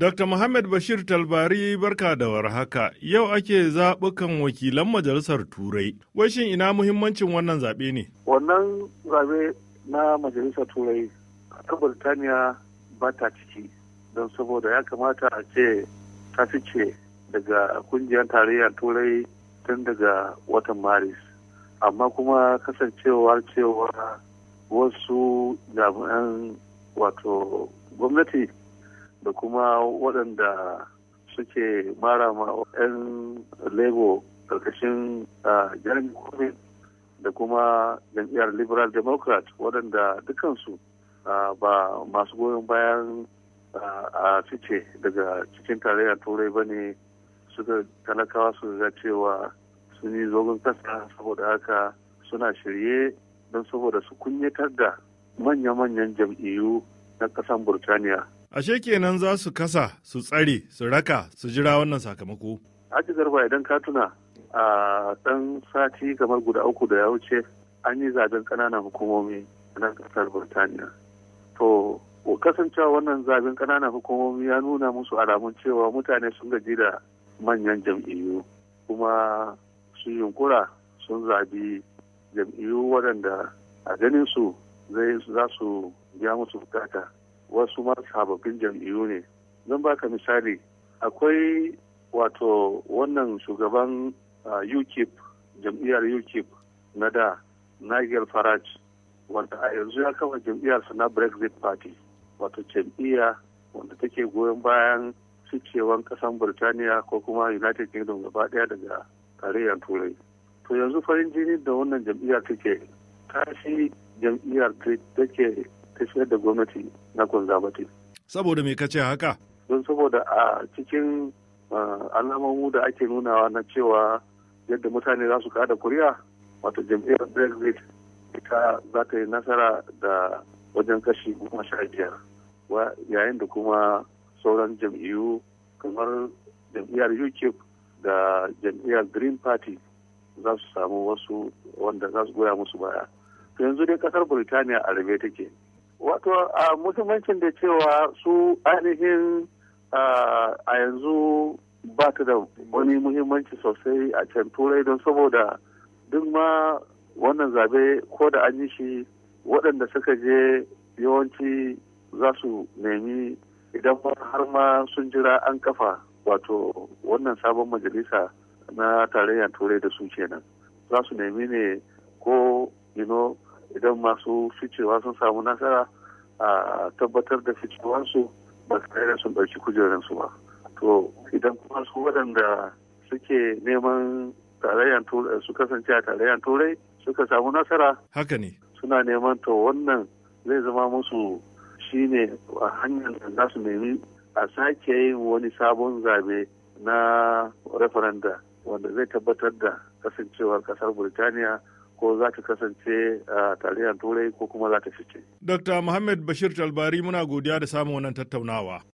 Dr. Muhammad Bashir Talbari barka da warhaka yau ake zaɓukan wakilan majalisar Turai. Wai ina muhimmancin wannan zaɓe ne? Wannan zaɓe na majalisar Turai ta Birtaniya ba ta ciki don saboda ya kamata a ce ta fice daga kungiyar tarayyar Turai tun daga watan Maris. Amma kuma kasancewar cewa wasu jami'an wato gwamnati da kuma waɗanda suke mara ma 'yan lebo ƙarƙashin jeremy corbyn da kuma jam'iyyar liberal democrat waɗanda dukansu ba masu goyon bayan a fice daga cikin tarayyar turai ba ne suka talakawa su ga cewa sun yi zogon kasa saboda haka suna shirye don saboda su kunyatar da manya-manyan jam'iyyu na ƙasan burtaniya Ashe kenan za su kasa, su tsare, su raka, su jira wannan sakamako. aji Garba idan ka tuna a ɗan sati kamar guda uku da ya wuce an yi zaben ƙananan hukumomi na kasar Burtaniya. To, kasancewa wannan zaben ƙananan hukumomi ya nuna musu alamun cewa mutane sun gaji da manyan jam'iyyu kuma sun yunkura sun zabi jam'iyyu waɗanda a ganin su zai za su biya musu bukata wasu ma sababbin jam'iyyu ne zan baka misali akwai wato wannan shugaban ukip jam'iyyar ukip na da nigel farage wanda a yanzu ya kafa jam'iyyarsa na brexit party wato jam'iyya wanda take goyon bayan ficewan kasan Birtaniya ko kuma United Kingdom gaba daya daga tarayyar Turai. To yanzu farin jini da wannan jam'iyyar take tashi jam'iyyar take tafiyar da gwamnati na conservative saboda me kace haka don saboda a cikin alamomu da ake nunawa na cewa yadda mutane za su kada kuri'a wato jam'iyyar brexit ita za ta yi nasara da wajen kashi goma sha biyar yayin da kuma sauran jam'iyyu kamar jam'iyyar ukip da jam'iyyar green party za su samu wasu wanda za su goya musu baya to yanzu dai kasar burtaniya a rabe take wato a muhimmancin da cewa su ainihin a yanzu ba ta da wani muhimmanci sosai a can turai don saboda duk ma wannan zabe ko da an yi shi waɗanda suka je yawanci za su nemi idan har ma sun jira an kafa wato wannan sabon majalisa na tarayyar turai da su kenan za su nemi ne ko you know, idan masu ficewa sun samu nasara a tabbatar da ficewarsu ba kai da sun ɗauki ba to idan kuma su waɗanda suke neman tarayyar turai su kasance a tarayyar turai suka samu nasara haka ne suna neman to wannan zai zama musu shi ne a hanyar da za su nemi a sake yin wani sabon zabe na referenda wanda zai tabbatar da kasancewar kasar burtaniya ko za ta kasance a tarayyar turai ko kuma za ta fice. Dr. Muhammad Bashir Talbari muna godiya da samun wannan tattaunawa.